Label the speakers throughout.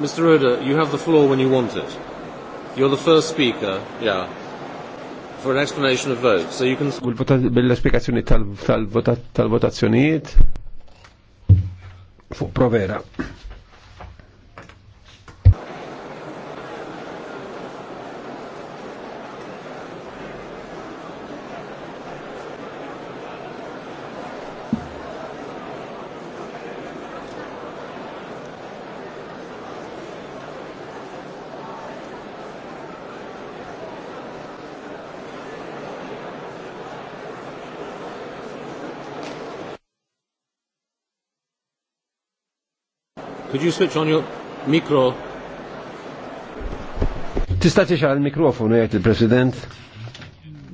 Speaker 1: Mr. Roda, you have the floor when you want it. You're the first speaker, yeah, for an explanation of vote, so you can... Bil-esplikazzjoni tal-votazzjonijiet fuq provera. Could you switch on your micro? Tista' tixgħal il-mikrofonu jgħid il-President.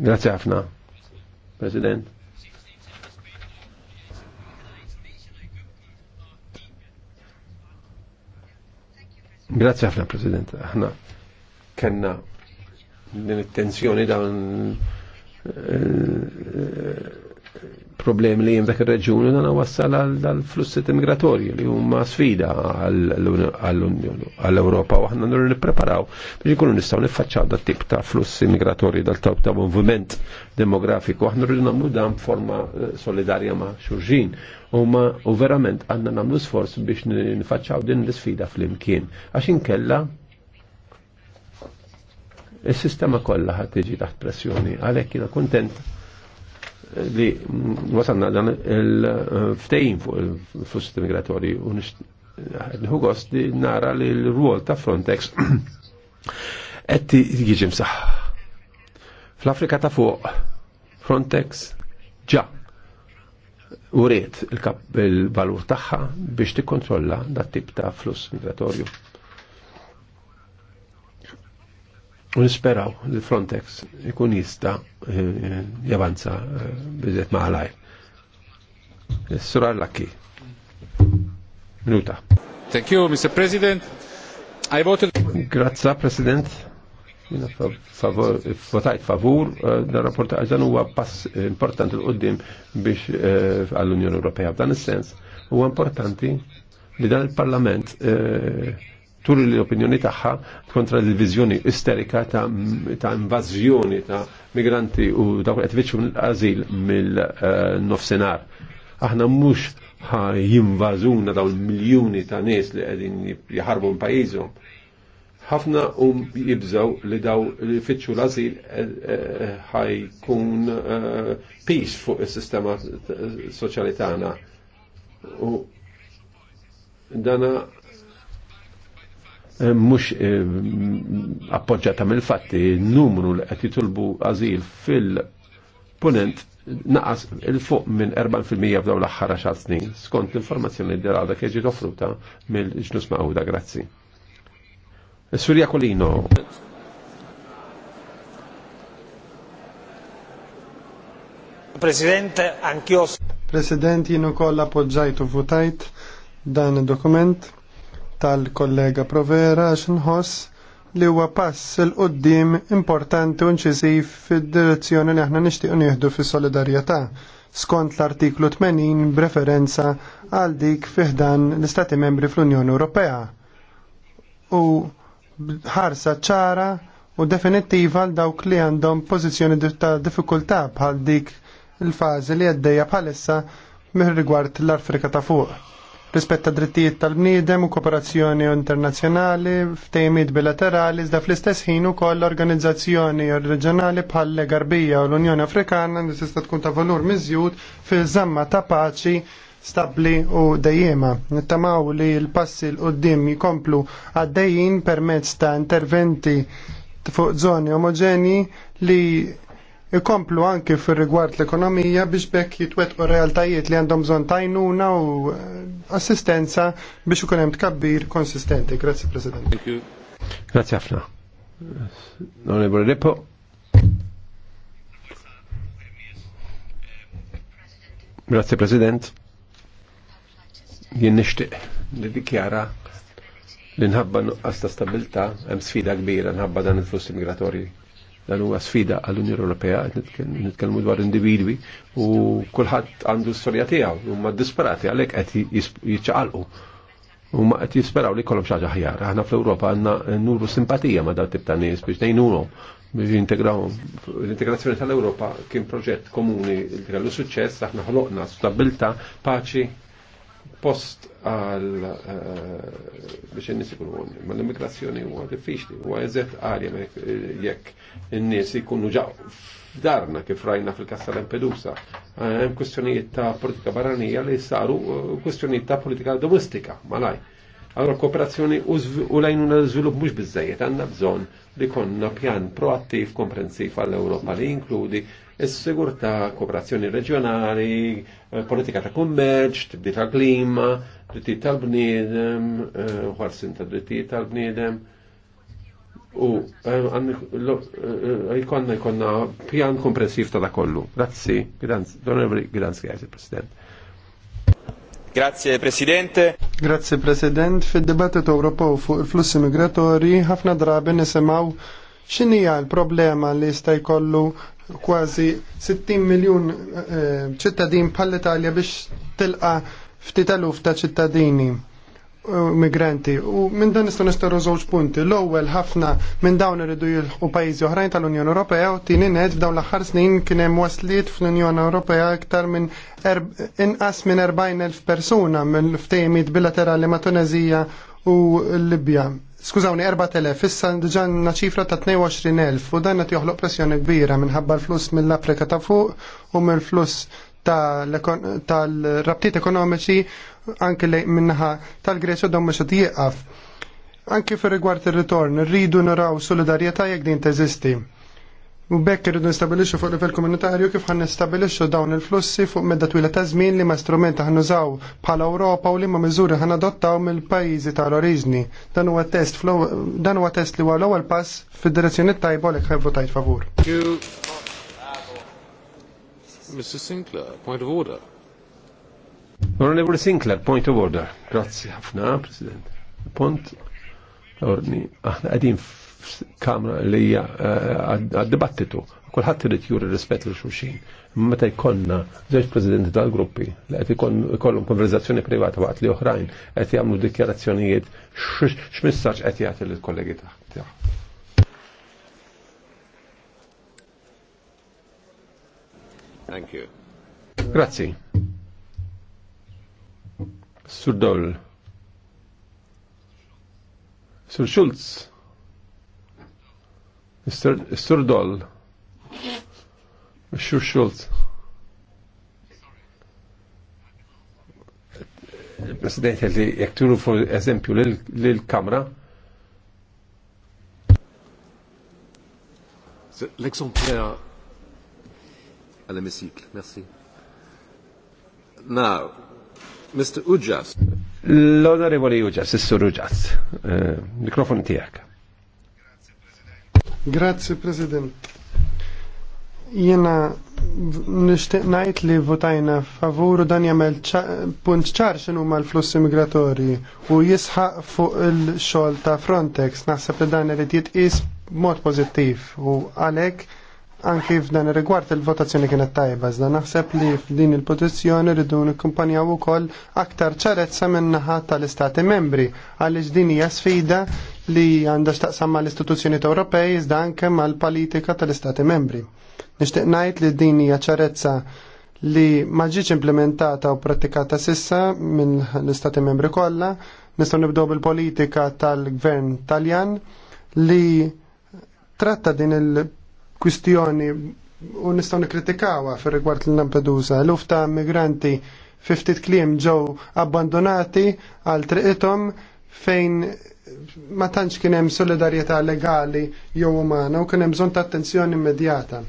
Speaker 1: Grazzi ħafna. President. Grazzi ħafna President. Aħna kenna din it-tensjoni dawn eh, eh, problemi li jimdak dak il-reġun u dan wassal għal flusset immigratorji li huma sfida għall-Europa u għanna nurri n-preparaw biex ikunu nistaw nifacċaw da tip ta' flussi immigratorji dal-tawb ta' moviment demografiku għanna nurri namlu dan forma eh, solidarja ma' xurġin u verament għanna namlu sforz biex nifacċaw din l-sfida fl-imkien għaxin kella il-sistema kollha ħat tiġi taħt pressjoni għalhekk jiena kontent li wasanna dan il-ftejn fuq il-flussi migratori u nħu gost li nara li l-ruol ta' Frontex qed jiġi msaħ. Fl-Afrika ta' fuq Frontex ġa u il-valur tagħha biex tikkontrolla dat tip ta' fluss migratorju. Unisperaw li Frontex ikun jista eh, eh, javanza eh, bizet maħlaj. Surar Laki. Minuta. Thank you, Mr. President. I voted... Grazza, President. Jina votajt favur, da rapport għazan huwa pass importanti l-qoddim biex għall-Unjoni Ewropea. Dan is-sens huwa importanti li dan il-Parlament eh, Tul l-opinjoni tagħha kontra l-viżjoni isterika ta', ta invażjoni ta' migranti u dawk qed viċċu l-azil mill-nofsinhar. Aħna mhux jinvażuna dawn miljuni ta' nies li qegħdin jħarbu pajjiżhom. Ħafna um jibżaw li daw li fitxu l-azil eh, eh, ħajkun eh, peace fuq is-sistema soċjali tagħna. U dana Eh, mux eh, appoġġata mill-fatti numru li qed jitulbu għażil fil-punent naqas il-fuq minn 4% fdaw l-aħħar 10 snin skont l-informazzjoni li għadha l offruta mill-ġnus maħuda, grazzi. Eh, Surja Kolino.
Speaker 2: Presidente anch'io.
Speaker 3: President, jien ukoll appoġġajtu votajt dan id-dokument tal-kollega Provera x'inħoss li huwa pass il qoddim importanti u inċisiv fid-direzzjoni li aħna nixtiequ nieħdu fis-solidarjetà skont l-artiklu 80 b'referenza għal dik fiħdan l-Istati membri fl-Unjoni Ewropea. U ħarsa ċara u definittiva għal dawk li għandhom pożizzjoni ta' diffikultà bħal dik il-fażi li għaddejja bħalissa mir rigward l-Afrika ta' fuq rispetta drittijiet tal-bniedem u kooperazzjoni internazzjonali f'tejmiet bilaterali iżda fl-istess ħin ukoll organizzazzjoni reġjonali bħal Garbija u l-Unjoni Afrikana li tista' tkun ta' valur miżjud fi żamma ta' paċi stabli u dejjema. Nittamaw li l-passi l-qoddim jikomplu għaddejjin permezz ta' interventi fuq zoni omogeni li ikomplu anki fir rigward l-ekonomija biex bekk jitwetqu realtajiet li għandhom bżon tajnuna u eh, assistenza biex u konem tkabbir konsistenti. Grazie, President.
Speaker 1: Grazie, Afna. Onorevole Repo. Grazie, President. Jien nishtiq li dikjara li nħabba nuqqas ta' stabilta hemm sfida kbira nħabba dan il-fluss migratorji dan huwa sfida għall-Unjoni Ewropea, nitkellmu dwar individwi u kulħadd għandu storja tiegħu huma disperati għalhekk qed jiċċaqalqu. Huma qed jisperaw li jkollhom xi ħaġa ħjar. Aħna fl-Ewropa għandna nuru simpatija ma' dawn tip ta' nies biex ngħinuhom biex jintegrawhom. L-integrazzjoni tal-Ewropa kien proġett komuni li kellu suċċess, aħna ħloqna stabilta, paċi post għal eh, biex n-nis ikunu għon. Ma l-immigrazzjoni huwa diffiċli, huwa eżet għalja jekk n-nis ikunu ġaw darna kif rajna fil-Kassa Lampedusa. Eh, hemm kwestjonijiet ta' politika barranija li saru eh, kwestjonijiet ta' politika domestika, malaj. Allora kooperazzjoni u lajnuna l-żvilupp mhux biżejjed, għandna bżonn li konna pjan proattiv komprensiv għall-Ewropa li inkludi is-sigurtà, kooperazzjoni reġjonali, eh, politika ta' kummerċ, tibdi ta' klima, dritti tal-bniedem, eh, ħarsin ta' dritti tal-bniedem. U eh, jkonna jkonna pjan komprensiv ta' da' kollu. Grazzi, Donorevoli Gdansk, President. Grazie Presidente.
Speaker 3: Grazie President. Fid-dibattitu Ewropew fuq il-flussi migratorji ħafna drabi nisimgħu x'inhi l-problema li jista' jkollu kważi 60 miljun eh, ċittadin pal italja biex tilqa ftit eluf ta' ċittadini eh, migranti. U minn dan nistgħu nistgħu żewġ punti. L-ewwel ħafna minn dawn iridu jilħqu pajjiżi oħrajn tal-Unjoni Ewropea u tieni ned f'dawn l-aħħar snin kien hemm waslit fl-Unjoni Ewropea aktar minn er-, inqas minn 40,000 persuna mill-ftehimiet bilaterali ma' Tunezija u l-Libja. Skużawni, 4.000, Fissa ġanna ċifra ta' 22.000 u dan qed joħloq pressjoni kbira minħabba l-flus mill-Afrika ta' fuq u mill-flus tal-rabtiet ekonomiċi anke minnaħa tal-Greċja dom mhux qed jieqaf. Anke fir rigward ir-ritorn, rridu naraw solidarjetà jekk din teżisti. U bekk irridu nistabilixxu fuq livell komunitarju kif ħan nistabilixxu dawn il-flussi fuq medda twila ta' żmien li ma' strumenti ħan nużaw bħala Ewropa u li ma' miżuri ħan adottaw mill-pajjiżi tal-oriġni. Dan huwa test dan huwa test li huwa l-ewwel pass fid-direzzjoni tajba li ħajbu tajt favur.
Speaker 1: Mr. Sinclair, point of order. Onorevole Sinclair, point of order. Grazie ħafna, President. Pont, ordni, aħna qegħdin kamra li eh, għad-dibattitu. Kulħadd irid juri rispet li xuxin. Meta jkonna zeċ prezidenti tal-gruppi li qed ikollhom konverzazzjoni privata għat li uħrajn, għet jgħamlu dikjarazzjonijiet xmissarċ għet jgħat lill-kollegi taħt. Thank you. Grazzi. Sur Doll. Sur Schulz. Mr. Doll. Mr. Schultz. President, li jek turu for eżempju l-Kamra. l exemplar għal l'hémicycle, merci. Now, Mr. Ujas. L-onorevoli Ujas, Mr. sur euh, Mikrofon tijak.
Speaker 3: Grazzi, President. Jena nishtiq najt li votajna favuru dan jamel punt ċar xinu ma l-flussi migratorji u jisħaq fuq il-xol ta' Frontex. Naħseb li dan irid jitqis mod pozittiv u għalek anki f'dan rigward il-votazzjoni kienet tajba, zda naħseb li f'din il-pożizzjoni rridu nikkumpanjaw ukoll aktar ċarezza min-naħa tal-Istati membri għaliex din hija sfida li għandha x'taqsam mal-istituzzjoni Ewropej iżda anke mal-politika tal-Istati membri. Nixtieq ngħid li din hija ċarezza li ma ġietx implementata u pratikata sissa minn l-Istati membri kollha, nistgħu nibdew bil-politika tal-Gvern Taljan li tratta din il-kwistjoni u nistgħu nikkritikawha fir-rigward l-Lampedusa. Lufta migranti fiftit kliem ġew abbandonati għal triqithom fejn ma tantx kien hemm solidarjetà legali jew umana u kien hemm bżonn ta' attenzjoni immedjata.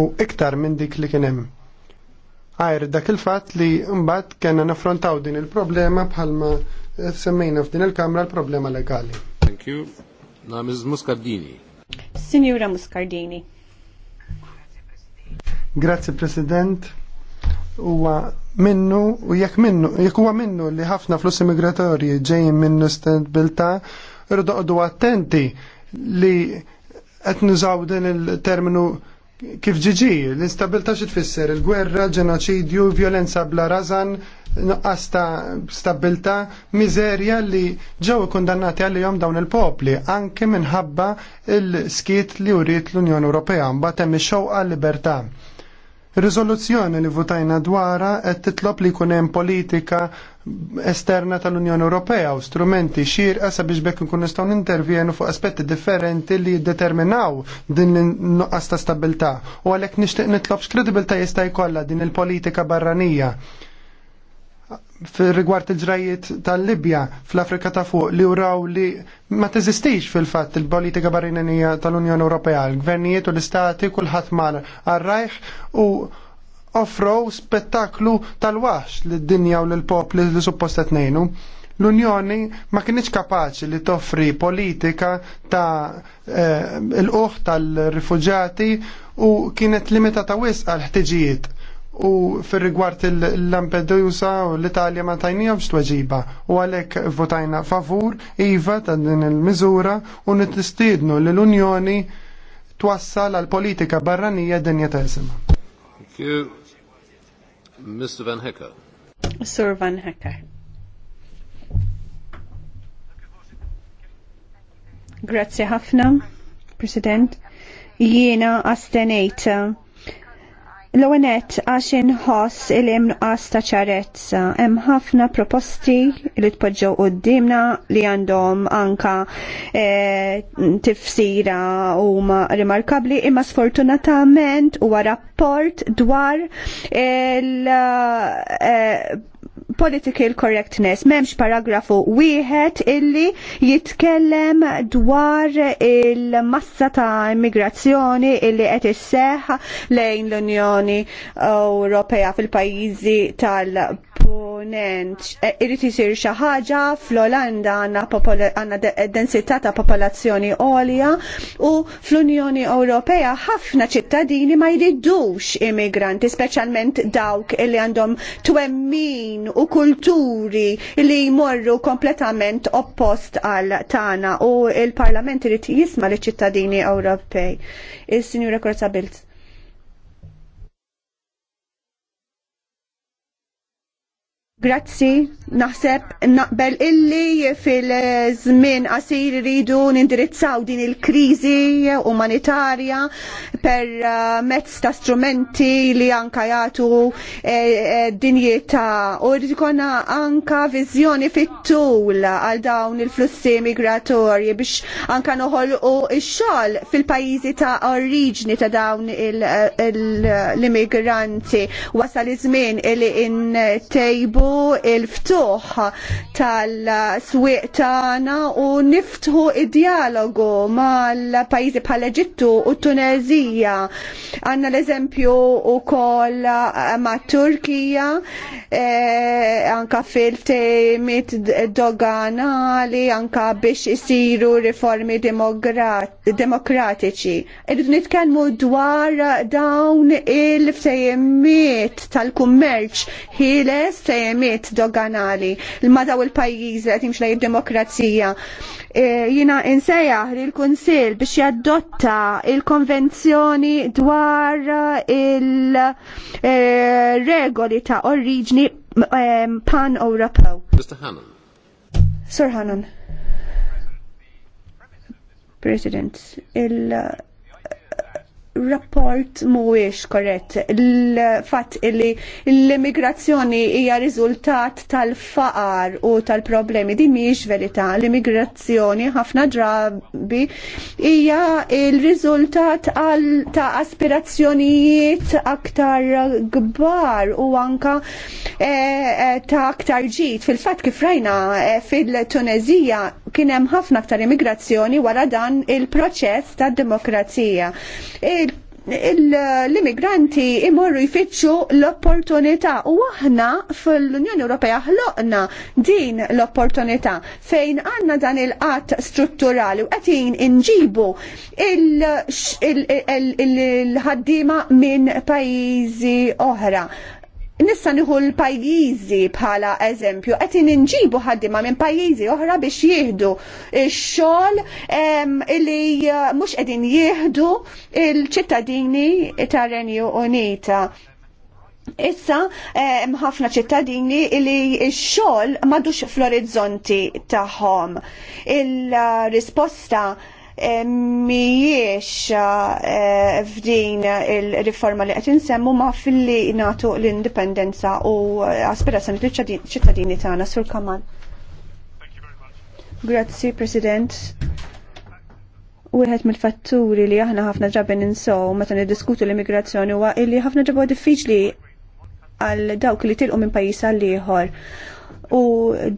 Speaker 3: U iktar minn dik li kien hemm. Għajr dak il-fatt li mbagħad kellna naffrontaw din il-problema bħalma semmejna f'din il-Kamra l-problema legali. Thank you. Na Ms. Muscardini.
Speaker 4: Signora Muscardini.
Speaker 3: Grazie President huwa minnu u jekk minnu jekk huwa minnu li ħafna flus immigratorji ġejjin minnu stabilta irridu qogħdu attenti li qed nużaw din il-terminu kif ġiġi, l-instabilta xi tfisser il-gwerra, ġenoċidju, violenza bla razan, nuqqas ta' stabilta, miżerja li ġew kundannati għalihom dawn il-popli, anke minħabba il-skiet li uriet l-Unjoni Ewropea, mbagħad hemm ix-xewqa libertà. Rizoluzzjoni li votajna dwara qed titlob li jkun hemm politika esterna tal-Unjoni Ewropea u strumenti xirqa sabiex bekk nkun nistgħu nintervjenu fuq aspetti differenti li jiddeterminaw din l-nuqqas ta' stabilità u għalhekk nixtieq nitlob x'kredibilità jista' jkollha din il-politika barranija rigward il-ġrajiet tal-Libja fl-Afrika ta' fuq li uraw li ma teżistix fil-fatt il-politika barrinanija tal-Unjoni Ewropea, l-gvernijiet u l-istati kulħadd mar għarrajħ u offrow spettaklu tal-wax l dinja u l-popli li suppost nejnu. L-Unjoni ma kienx kapaċi li toffri politika ta' eh, il-uħ tal rifugġati u kienet limitata wisq għal ħtiġijiet u fir-rigward il-Lampedusa u l-Italja ma tajnijomx tweġiba u għalek votajna favur iva ta' din il-miżura u nittistidnu l-Unjoni twassal għal politika barranija dinja ta' Thank
Speaker 1: you. Mr. Van Hecker.
Speaker 3: Sir Van Hecker.
Speaker 4: Grazie ħafna, President. Jiena astenejta L-għonet għax inħoss il nuqqas ta' ċarezza, hemm ħafna proposti li tpoġġew d-dimna li għandhom anka e, tifsira huma rimarkabbli imma sfortunatament huwa rapport dwar il- e, political correctness. Memx paragrafu wieħed illi jitkellem dwar il-massa ta' immigrazzjoni illi qed isseħħ lejn l-Unjoni Ewropea fil-pajjiżi tal- tal eh, irrit jisir isir xi ħaġa fl-Olanda għandna densità ta' popolazzjoni għolja u fl-Unjoni Ewropea ħafna ċittadini ma jridux immigranti, speċjalment dawk li għandhom twemmin u kulturi li jmorru kompletament oppost għal tagħna u l parlament irid jisma' li ċittadini Ewropej. il sinjura Korza Bilt. Grazzi, naħseb naqbel illi fil-żmien qasir iridu nindirizzaw din il-kriżi umanitarja per eh, mezz ta' strumenti li anka jagħtu e, eh, eh, dinjeta u rrid ikolna anka viżjoni fit-tul għal dawn il-flussi migratorji biex anka noħolqu x-xogħol fil-pajjiżi ta' oriġni ta' dawn l-immigranti wasal iż-żmien li intejbu il-ftuħ tal-swieq tagħna u niftħu id-dialogu mal-pajjiżi bħal Eġittu u Tunezija. Għanna l-eżempju wkoll ma' Turkija eh, anka fil temit doganali anka biex isiru riformi demokratiċi. Irridu nitkellmu dwar dawn il-ftejmiet tal-kummerċ ħieles ftejmiet permiet doganali l daw il-pajjiżi qed jimxlej id-demokrazija. E, jina insejjaħ li l-Kunsill biex jaddotta il-konvenzjoni dwar il-regoli ta' oriġni e, pan-Ewropew. Mr. Hannon. Sir Hannon. President, il- rapport mhuwiex korret. Il-fatt li l-immigrazzjoni hija riżultat tal-faqar u tal-problemi din mhijiex verità. L-immigrazzjoni ħafna drabi hija il-riżultat ta' aspirazzjonijiet aktar kbar u anka e, ta' aktar ġid. Fil-fatt kif rajna e, fil-Tunezija kien hemm ħafna aktar immigrazzjoni wara dan il-proċess tad-demokrazija. E, l-immigranti imorru jfittxu l-opportunità u aħna fl-Unjoni Ewropea ħloqna din l-opportunità fejn għanna dan il-qatt strutturali u qegħdin inġibu il-ħaddiema minn pajjiżi oħra nissa nieħu l-pajjiżi bħala eżempju, qed inġibu ħaddiema minn pajjiżi oħra biex jieħdu x-xogħol li eh, mhux qegħdin jieħdu il-ċittadini tar-Renju Unita. Issa eh, hemm ħafna ċittadini li x-xogħol m'għadux fl-orizzonti tagħhom. Il-risposta uh, Eh, Mijiex eh, f'din il-riforma li qed insemmu ma filli nagħtu l-indipendenza u aspirazzjoni ċittadini tagħna sur kamal. Grazzi, President. Wieħed mill-fatturi li aħna ħafna ġabi ninsow meta niddiskutu l-immigrazzjoni huwa li ħafna ġabu diffiċli għal dawk li tilqu minn pajjiż għal ieħor u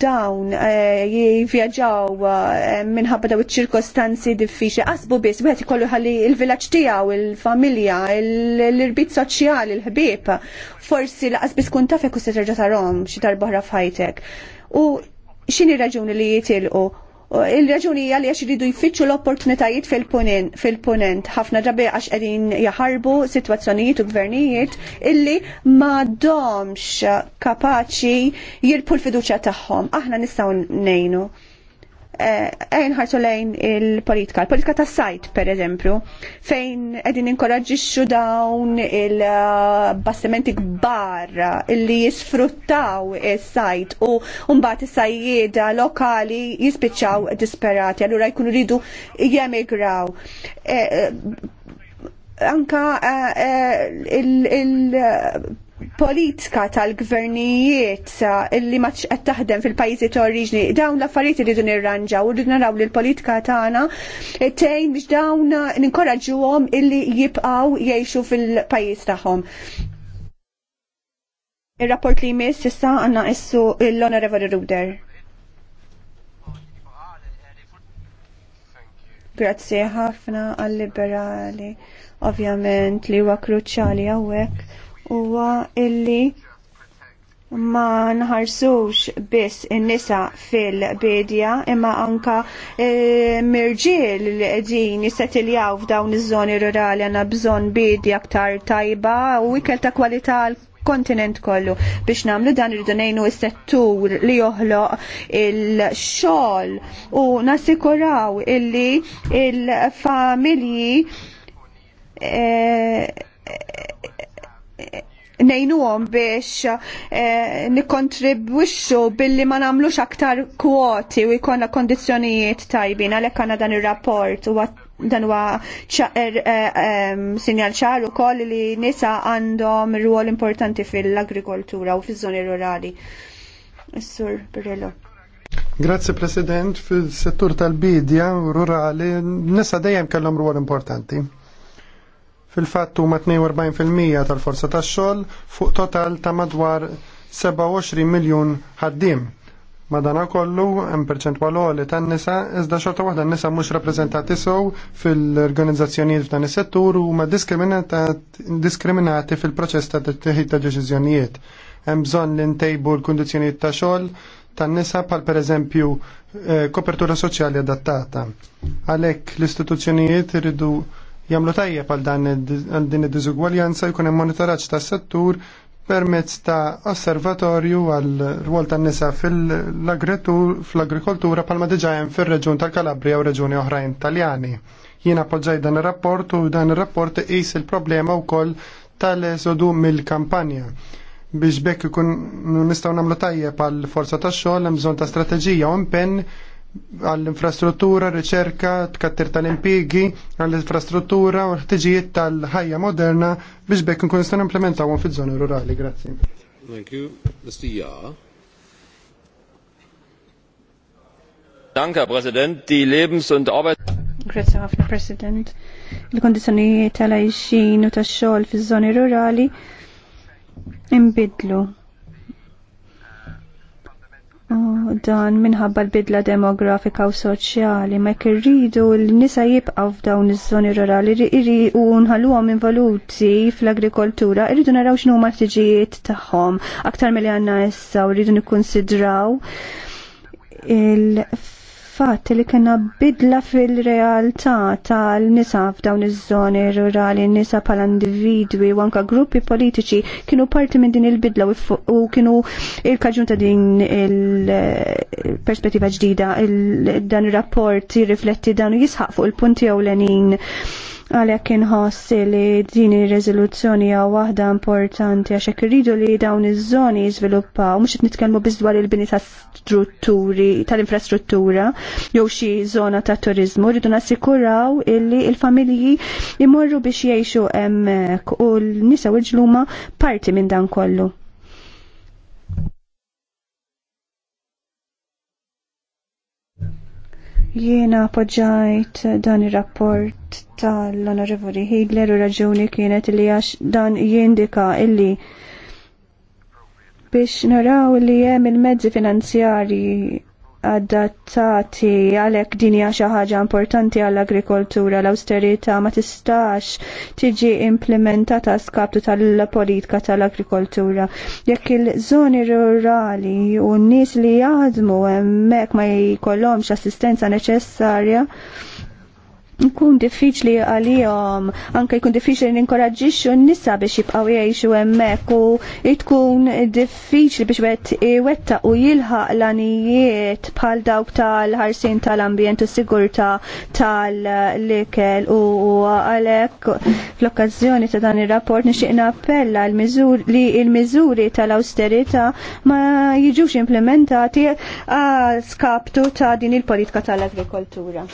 Speaker 4: dawn eh, jivjaġaw eh, minħabba daw iċ-ċirkostanzi diffiċli. Qasbu biss, wieħed ikollu ħalli il villaġġ tiegħu, il-familja, l-irbit soċjali, l-ħbieb. Forsi laqas biss kun tafek u se terġa' tarahom xi darba oħra f'ħajtek. U x'inhi raġuni li jitilqu Il-raġuni hija li għax iridu jfittxu l-opportunitajiet fil-punent ħafna drabi għax qegħdin jaħarbu sitwazzjonijiet u gvernijiet illi ma domx kapaċi jirpu l-fiduċja tagħhom. Aħna nistgħu ngħinu għajn eh, ħarsu lejn il-politika, il-politika ta' sajt per eżempju, fejn edin inkoraġiċu dawn il-bastimenti gbar illi jisfruttaw il-sajt u mbagħad is sajjida lokali jispiċċaw disperati, allura jkunu ridu jemigraw. E, anka il-, il politika tal-gvernijiet eh, illi ma qed taħdem fil-pajjiżi ta' oriġni dawn l-affarijiet iridu nirranġaw rridu naraw li l-politika tagħna tgħin biex dawn ninkoraġġuhom illi jibqgħu jgħixu fil-pajjiż tagħhom. ir rapport li jmiss issa għandna issu l-Honorable Ruder. Grazzi ħafna għal-liberali, ovvjament li huwa kruċjali hawnhekk huwa illi ma nħarsux biss in-nisa fil-bedja imma anka e, mirġiel li qegħdin jissettiljaw f'dawn iż-żoni rurali għandna bżonn bedja aktar tajba u ikel ta' kwalità kontinent kollu biex namlu dan irridu ngħinu s-settur li joħloq il-xogħol u nassikuraw illi il-familji e, e, nejnuhom biex eh, nikontribwixxu billi ma nagħmlux aktar kwoti u jkollna kondizzjonijiet tajbin għalhekk għandna dan ir-rapport u dan huwa er, eh, sinjal ċar ukoll li nisa għandhom rwol importanti fil-agrikoltura u fiż-żoni rurali. Is-sur Brillo.
Speaker 3: Grazie President, fil-settur tal-bidja u rurali nisa dejjem kellhom rwol importanti Fil-fatt huma 42% tal-forza tax-xogħol fuq total ta' madwar 27 miljun ħaddiem. Madanakollu, hemm perċentwal għoli tan-nisa iżda xorta waħda n-nisa mhux rappreżentati sew fil-organizzazzjonijiet f'dan is-settur huma diskriminati fil-proċess ta' teħid ta' deċiżjonijiet. Hemm bżonn li ntejbu l-kundizzjonijiet ta' xogħol tan-nisa pal pereżempju eh, kopertura soċjali adattata. Għalhekk l-istituzzjonijiet iridu jamlu tajjeb għal dan din id-diżugwaljanza jkun hemm monitoraġġ tas-settur permezz ta' osservatorju għal rwol tan nisa fl-agrikoltura palma diġa hemm fir-reġjun tal-Kalabria u reġuni oħrajn Taljani. Jien appoġġaj dan ir-rapport u dan ir-rapport qis il-problema wkoll tal-eżodu mill-kampanja. Biex bekk ikun nistgħu nagħmlu tajjeb għal forza tax-xogħol hemm bżonn ta' strateġija u impenn għall-infrastruttura, riċerka, tkattir tal-impigi, għall-infrastruttura u ħtiġijiet tal-ħajja moderna biex bekk nkun nistgħu implementawhom fiż-żoni rurali. Grazzi.
Speaker 1: Thank you. Mr. Ja. Danke, President. Die Lebens- und Arbeit...
Speaker 3: Grazie ħafna, President.
Speaker 4: il kondizjoni tal ħajxin u tax-xogħol fiż-żoni rurali imbidlu dan minħabba l-bidla demografika u soċjali ma irridu l-nisa jibqaw f'dawn iż-żoni rurali iri u nħalluhom involuti fl-agrikoltura irridu naraw x'nu ma tiġijiet tagħhom aktar milli għandna issa u rridu nikkunsidraw il il-fatt li kena bidla fil-realtà tal-nisa f'dawn iż-żoni rurali, nisa pala individwi u anka gruppi politiċi kienu parti minn din il-bidla u kienu il-kaġun ta' din il-perspettiva ġdida, dan il-rapport jirrifletti dan u jisħaq fuq il-punti ewlenin għalek inħoss li din ir-reżoluzzjoni hija waħda importanti għax hekk irridu li dawn iż-żoni jiżviluppaw mhux qed nitkellmu biż dwar il-bini ta' strutturi tal-infrastruttura, jew xi żona ta' turizmu rridu nassikuraw illi il-familji imorru biex jgħixu hemmhekk u l-nisa u parti minn dan kollu. Jiena appoġġajt dan ir-rapport tal-Onorevoli Higler u raġuni kienet li għax dan jindika illi biex naraw li hemm il-mezzi finanzjari adattati għalhekk din hija xi ħaġa importanti għall-agrikoltura l-awsterità ma tistax tiġi implementata skaptu tal-politika tal-agrikoltura. Jekk il-żoni rurali u n-nies li jaħdmu hemmhekk ma jkollhomx assistenza neċessarja, nkun diffiċli għalihom, anke jkun diffiċli ninkoraġġixxu n-nisa biex jibqgħu jgħixu hemmhekk u tkun diffiċli biex wet iwettaq u jilħaq l-anijiet bħal dawk tal-ħarsin tal-ambjent u sigurtà tal-likel u għalhekk fl-okkażjoni ta' dan ir-rapport nixtieq nappella li l-miżuri tal-awsterità ma jiġux implementati għal skaptu ta' din il-politika tal-agrikoltura.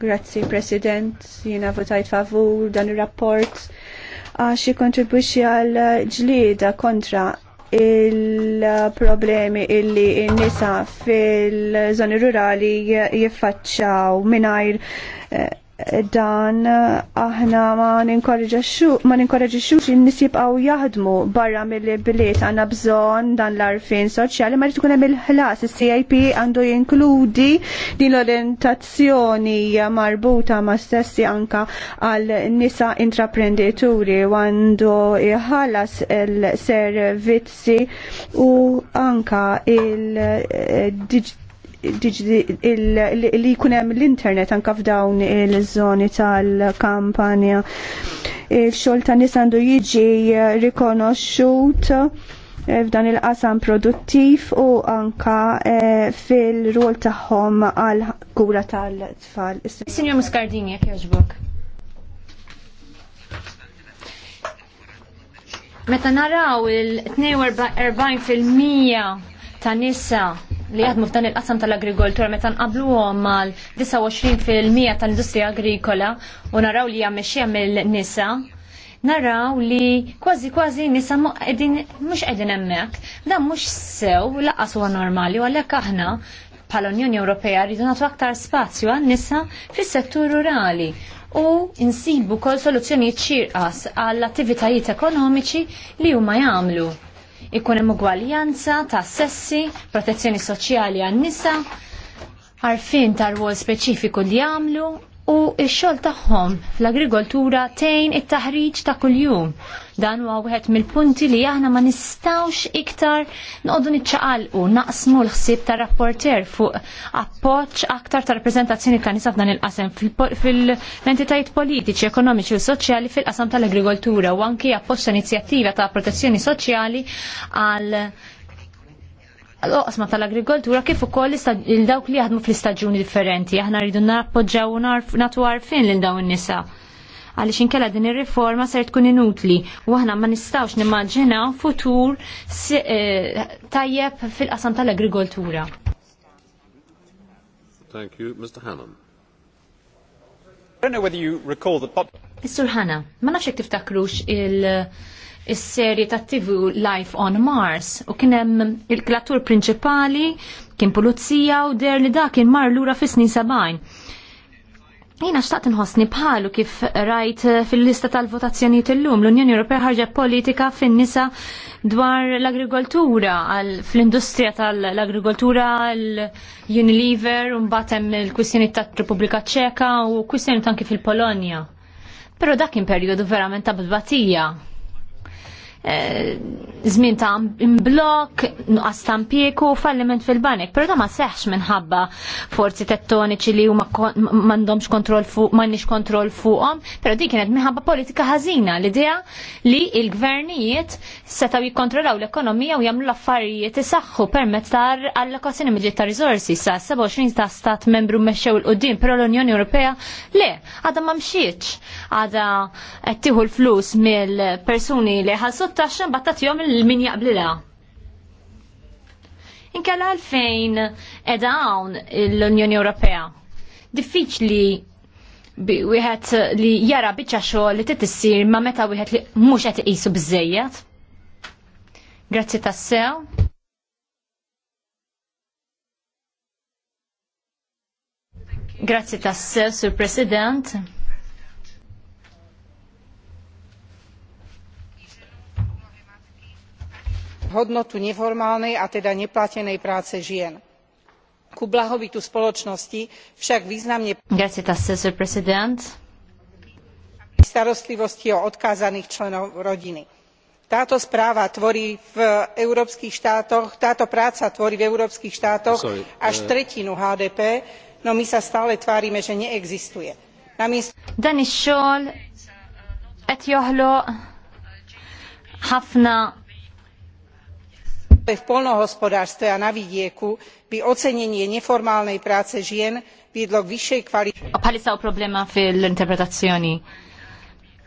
Speaker 4: Grazzi President, jina votajt favur dan il-rapport għax jikontribwixi għal ġlieda kontra il-problemi illi n-nisa fil-żoni rurali jiffaċċaw minajr eh, dan aħna ma ninkoraġixxux in nisib għaw jaħdmu barra mill-bliet għandna bżonn dan l-arfin soċjali ma rid ikun hemm il-ħlas is-CIP għandu jinkludi din l-orientazzjoni marbuta ma' stessi anka għal nisa intraprendituri għandu jħalas il-servizzi u anka il-digital eh, li kunem l-internet anka f'dawn il-żoni tal-kampanja. Il-xol ta' nisandu jiġi rikonoxxut eh, f'dan il-qasam produttiv u anka eh, fil-rol tagħhom għal kura tal-tfal.
Speaker 5: Signor Muscardini, jekk jogħġbok. Meta naraw il-42% ta' nisa li jaħdmu f'dan il-qasam tal-agrikoltura meta qablu mal-29% tal-industrija agrikola u naraw li hija mexxija mill-nisa naraw li kważi kważi nisa edin, mux edin emmek, dan mux sew laqqas huwa normali, u għalhekk aħna bħala Unjoni Ewropea rridu nagħtu aktar spazju għan-nisa fis-settur rurali u insibu kol soluzzjonijiet xirqas għall attivitajiet ekonomiċi li huma jagħmlu ikun hemm ugwaljanza ta' sessi, protezzjoni soċjali għan-nisa, għarfien tar rwol speċifiku li għamlu u x-xogħol tagħhom fl-agrikoltura tejn it-taħriġ ta' kuljum. Dan huwa wieħed mill-punti li aħna ma nistawx iktar noqogħdu niċċaqalqu naqsmu l-ħsieb ta' rapporter fuq appoġġ aktar ta' rappreżentazzjoni ta' nisa f'dan il-qasem fil-entitajiet politiċi, ekonomiċi u soċjali fil-qasam tal-agrikoltura u anki appoġġ ta' inizjattiva ta' protezzjoni soċjali għal l-oqsma tal-agrikoltura kif ukoll il-dawk li jaħdmu fl-istaġuni differenti. Aħna rridu nappoġġaw natu għarfin lil dawn nisa għaliex inkella din ir-riforma ser tkun inutli u aħna ma nistgħux nimmaġinaw futur eh, tajjeb fil-qasam tal-agrikoltura.
Speaker 1: Thank you, Mr. Hannan. I don't know whether you recall the pop...
Speaker 5: Mr. Hanna, ma nafx jek tiftakrux il- is serji ta' TV Life on Mars u kien hemm il-klatur prinċipali kien pulizija u der li dak kien mar lura fis snin sabajn. Jina xtaqt nħossni bħalu kif rajt fil-lista tal-votazzjonijiet illum l-Unjoni Ewropea ħarġa politika fin-nisa dwar l-agrikoltura, fl-industrija tal-agrikoltura, l-Unilever, mbagħad hemm il-kwistjoni tat-Repubblika Ċeka u kwistjoni tanki fil-Polonja. Pero dak kien periodu verament ta' bbatija Eh, żmien ta' imblok, nuqqas ta' impieku, falliment fil-banek, però da ma seħx minħabba forzi tettoniċi li huma m'għandhomx kontrol fuq m'għandniex kontrol fuqhom, però di kienet minħabba politika ħażina l-idea li l-gvernijiet setaw jikkontrollaw l-ekonomija u jagħmlu l-affarijiet isaħħu permezz tar allokazzjoni miġiet ta' riżorsi sa 27 ta' stat membru mexxew il-qudiem, però l-Unjoni Ewropea le, għadha ma mxietx, għadha qed tieħu l-flus mill-persuni li ħassu taxxa mbagħad tagħtihom lil min jaqblilha. Inkella għalfejn edha hawn l-Unjoni Ewropea. Diffiċli wieħed li jara biċċa xogħol li titissir ma meta wieħed li mhux qed iqisu bżejjed. Grazzi tassew. Grazzi tassew, Sur President. hodnotu neformálnej a teda neplatenej práce žien. ku blahobytu spoločnosti však významne
Speaker 4: starostlivosti o odkázaných členov rodiny táto správa tvorí v európskych štátoch táto práca tvorí v európskych štátoch až eh. tretinu hdp no my sa stále tvárime že neexistuje. Namiesto
Speaker 5: v poľnohospodárstve a na vidieku by ocenenie neformálnej práce žien viedlo k vyššej kvalite. Palissa problema fil-interpretazzjoni.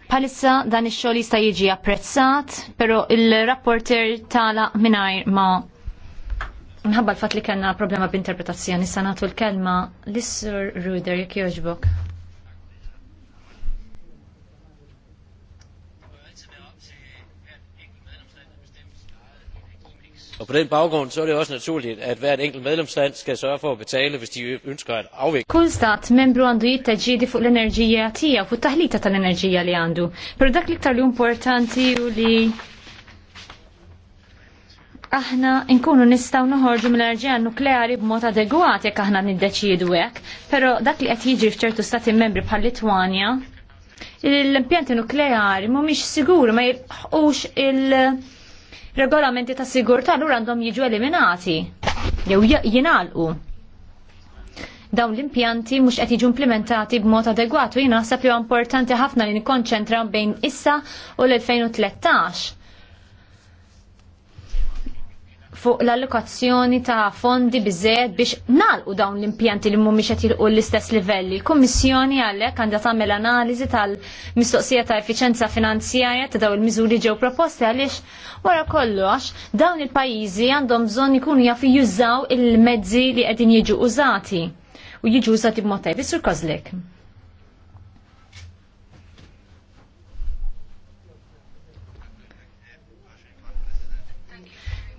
Speaker 5: Palissa dan ix-xogħol jista' jiġi apprezzat, però il-rapporter tala mingħajr ma Minħabba l fatt li kellna problema b'interpretazzjoni, sa nagħtu l-kelma lis-Sur Ruder jekk jogħġbok.
Speaker 3: Og på den baggrund så er det også naturligt, at hvert enkelt medlemsland skal sørge for at betale, hvis de ønsker at afvikle.
Speaker 5: Kun stat men bruger membru għandu jittaġġiedi fuq l-enerġija tiegħu fuq taħlita tal-enerġija li għandu. Però dak l-iktar li importanti i li aħna nkunu nistaw noħorġu mill-enerġija nukleari b'mod adegwat jekk aħna niddeċiedu hekk, però dak li qed jiġri f'ċertu stati membri bħal Litwanja l-impjanti nukleari mhumiex siguri ma jilħqux il- regolamenti ta' sigurtà lura għandhom jiġu eliminati jew jingħalqu. Dawn l-impjanti mhux qed jiġu implementati b'mod adegwat u jiena naħseb li huwa importanti ħafna li nikkonċentraw bejn issa u l-2013 fuq l-allokazzjoni ta' fondi bizzed biex nalqu dawn l-impjanti li mhumiex qed jilqu l-istess livelli. Il-Kummissjoni għalhekk għandha tagħmel analiżi tal-mistoqsija ta' effiċenza finanzjarja ta' dawn il-miżuri ġew proposti għaliex wara kollox dawn il-pajjiżi għandhom bżonn ikunu jafu jużaw il-mezzi li qegħdin jiġu użati u jiġu użati b'mod tajb. Isur Kozlek.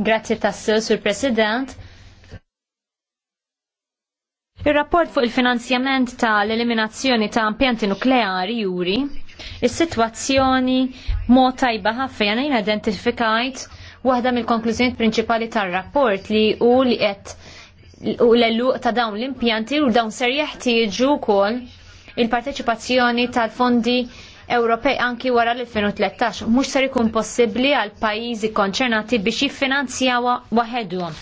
Speaker 5: Grazzi tassu, Sur President. Il-rapport fuq il-finanzjament ta' l-eliminazzjoni ta' impjanti nukleari juri, il-situazzjoni mod tajba ħafna jana jina identifikajt waħda mill konklużjoni prinċipali tar-rapport li hu li qed u l-eluq ta' dawn l-impjanti u dawn ser jeħtieġu wkoll il-parteċipazzjoni tal-fondi Ewropej anki wara l-2013 mhux ser ikun possibbli għal pajjiżi konċernati biex jiffinanzjaw waħedhom.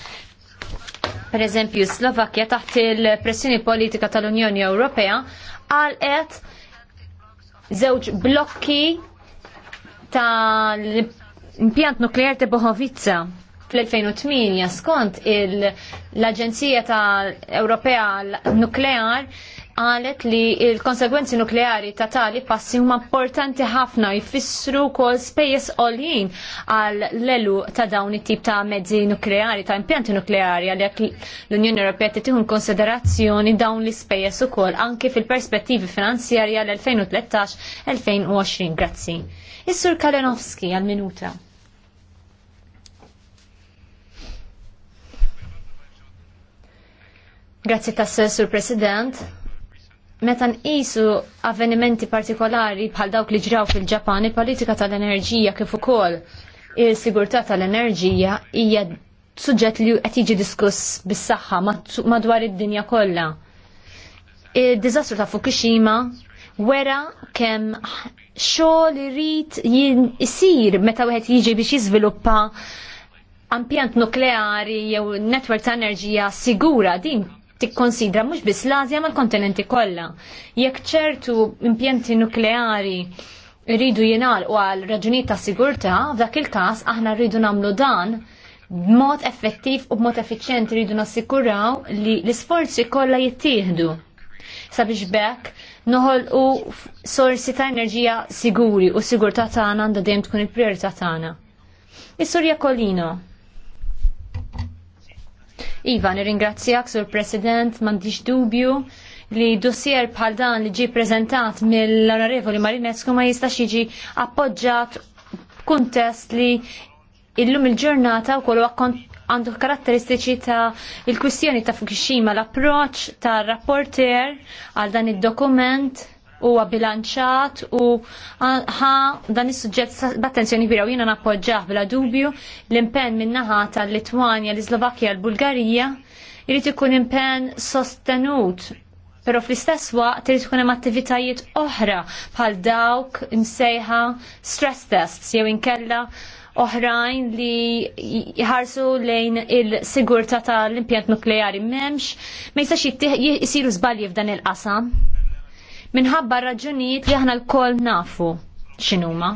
Speaker 5: Per eżempju, Slovakkja taħt il-pressjoni politika tal-Unjoni Ewropea qed żewġ blokki tal-impjant nuklear ta' Bohovica fl-2008 skont l-Aġenzija ta' Ewropea Nuklear qalet li il-konsegwenzi nukleari ta' tali passi huma importanti ħafna jfissru kol spejjeż għoljin għal lelu ta' dawn it-tip ta' mezzi nukleari, ta' impjanti nukleari għal l-Unjoni Ewropea titieħu konsiderazzjoni dawn l ispejjeż ukoll anki fil-perspettivi finanzjarja għal 2013 2020 Grazzi. Is-Sur Kalenowski għal minuta. Grazzi tas Sur President meta nqisu avvenimenti partikolari bħal dawk li ġraw fil-Ġapan, il-politika tal-enerġija kif ukoll il-sigurtà tal-enerġija hija suġġett li qed jiġi diskuss bis-saħħa madwar id-dinja kollha. Id-diżastru ta' Fukushima wera kemm xogħol irid isir meta wieħed jiġi biex jiżviluppa ampjant nukleari jew netwerk ta' enerġija sigura din tikkonsidra mhux biss l-Asja ma l-kontinenti kollha. Jekk ċertu impjenti nukleari rridu jingħalqu għal raġunijiet ta' sigurtà, f'dak il-każ aħna rridu nagħmlu dan b'mod effettiv u b'mod effiċjenti rridu nassikuraw li l-isforzi kollha jittieħdu sabiex bekk noħolqu sorsi ta' enerġija siguri u sigurtà tagħna għandha dejjem tkun il-prijorità tagħna. Is-Surja Kolino. Iva, nirringrazzjak sur President, mandiġ dubju li dossier bħal dan li ġi prezentat mill-Onorevoli Marinescu ma jistax jiġi appoġġat kuntest li illum il-ġurnata u kollu għandu karatteristiċi ta' il-kwistjoni ta' Fukushima, l-approċ ta' rapporter għal dan il-dokument huwa bilanċat u ħa dan is-suġġett b'attenzjoni kbira u jiena nappoġġjah bla dubju l-impenn min-naħa tal-Litwanja, l islovakija l-Bulgarija jrid ikun impenn sostenut Pero fl-istess waqt irid ikun hemm attivitajiet oħra bħal dawk imsejħa stress tests jew inkella oħrajn li jħarsu lejn il-sigurta tal-impjant nukleari m'hemmx ma jistax jisiru żbalji f'dan il-qasam minħabba raġunijiet li aħna l-koll nafu x'inhuma.